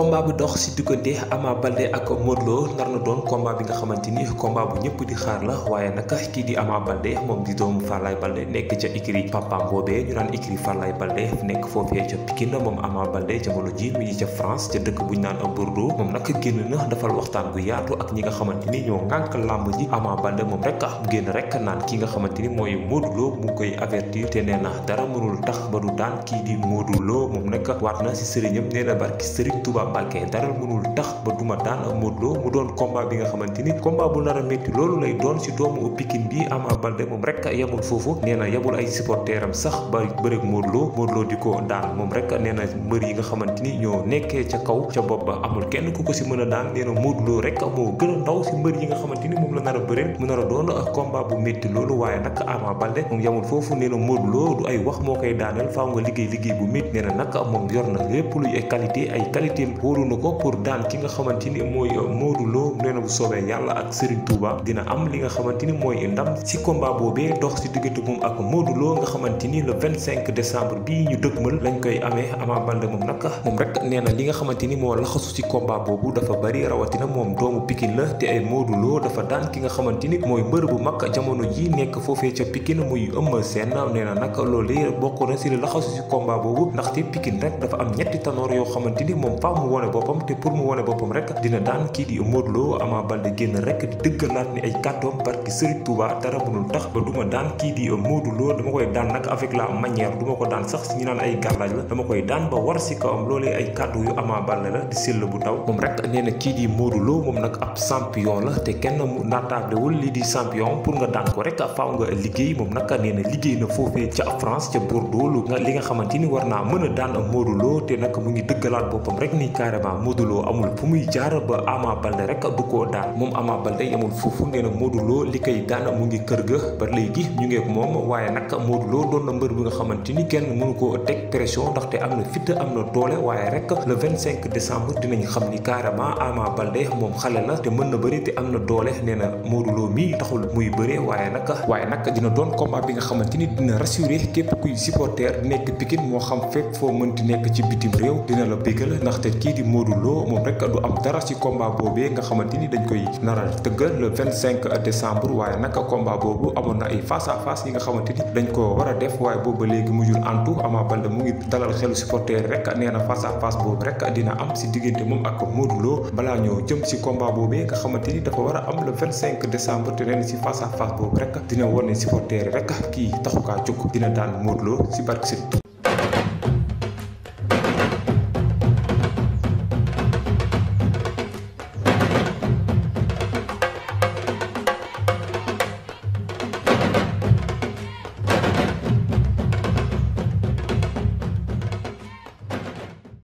combat bu dox si diggante Ama Baldé ak Modou Lo na doon combat bi nga xamante ni bu ñëpp di xaar la waaye nag kii di Ama Baldé moom di doomu Falaye Baldé nekk foofee ca Pikine moom Ama Baldé ca France moom nag génn na dafal waxtaan bu yaatu ak ñi nga xamante ni ñoo ŋànk làmb ji Ama Baldé moom rek ah génn rek naan ki nga xamante ni mooy mu koy avertir te nee na dara mënul tax ba du daan kii di Modou Lo moom nag waat marqué dara mënul ba duma daan ak Modou mu doon combat bi nga xamante ni combat bu nar a métti loolu lay doon si doomu Pikine bi Ama Baldé moom rek yemul foofu nee na yemul ay supporteram sax ba bëreeg Modou Lo Modou Lo di ko daan moom rek nee na mbër yi nga xamante ni ñoo nekkee ca kaw ca bopp ba amul kenn ku ko si mën a daan nee na Modou Lo mbër yi nga xamante ni moom la nar a bëreel mu nar a doon combat bu métti loolu waaye nag Ama Baldé moom yemul foofu nee na Modou Lo du ay wax moo koy daaneel faaw nga liggéey liggéey bu métti nee na nag moom yor na lépp luy qualité ay qualité wóorulu ko pour daan ki nga xamante ni mooy Modou Lo nee na bu soobee yàlla ak Serigne Touba dina am li nga xamante ni mooy ndam si combat boobee dox si diggante moom ak Modou Lo xamante ni le 25 décembre bii ñu dëgmal lañ koy amee Ama Baldé moom nag moom rek nee na li nga xamante ni moo laxasu si combat boobu dafa bari rawatina moom doomu Pikine la te ay Modou Lo dafa daan ki nga xamante ni mooy mbër bu mag jamono ji nekk foofee ca Pikine muy Eumeu seen nee na nag loolu bokk na si li laxasu si combat boobu ndaxte Pikine rek dafa am ñetti tanoor yoo xamante ni moom faaw faaw mu wone boppam te pour mu wone boppam rek dina daan kii di Modou Lo Ama génn rek di dëggalaat ni ay kàddoom barki Serigne Touba dara mënul tax ba du ma daan kii di Modou Lo dama koy daan nag avec la manière du ma ko daan ba war si kawam loolee ay kàddu yu Ama Baldé la di sell moom na kii di Modou Lo moom nag ab champion la te kenn mu naataablewul di champion pour nga daan ko rek faaw nga liggéey moom nag nee na liggéey na foofee ca France ca Bordeaux lu nga li nga xamante ni war naa mën a daan Modou Lo te nag mu ngi dëggalaat boppam rek ni ni carrément Modou Lo amul fu muy jaar ba Ama Baldé rek du ko daan moom Ama Baldé yamul foofu nee na Modou Lo li koy daan mu ngi kër ga ba léegi ñu ngeek moom waaye nag Modou Lo doon la mbër bi nga xamante ni kenn mënu koo teg pression ndaxte am na fit am na doole waaye rek le 25 décembre dinañ xam ni carrément Ama Baldé moom xale la te mën na bëri te am na doole nee na Modou Lo mii taxul muy bëree waaye nag waaye nag dina doon combat bi nga xamante ni dina rassuré képp kuy supporter nekk Pikine moo xam fépp foo mënti nekk ci bitim réew dina la kii di Modou Lo moom rek du am dara ci combat boobee nga xamante ni dañ koy naral tëggal le 25 décembre waaye nag combat boobu amoon na ay face à yi nga xamante ni dañ ko war a def waaye boobu ba léegi mujjul antu Ama Baldé mu ngi dalal xelu supporter rek nee na face à face boobu rek dina am ci diggante moom ak Modou Lo balaa ñoo jëm ci combat boobee nga xamante ni dafa war a am le 25 décembre te ren ci face à face boobu rek dina wane supporter rek kii taxukaa jóg dina daan Modou Lo ci barke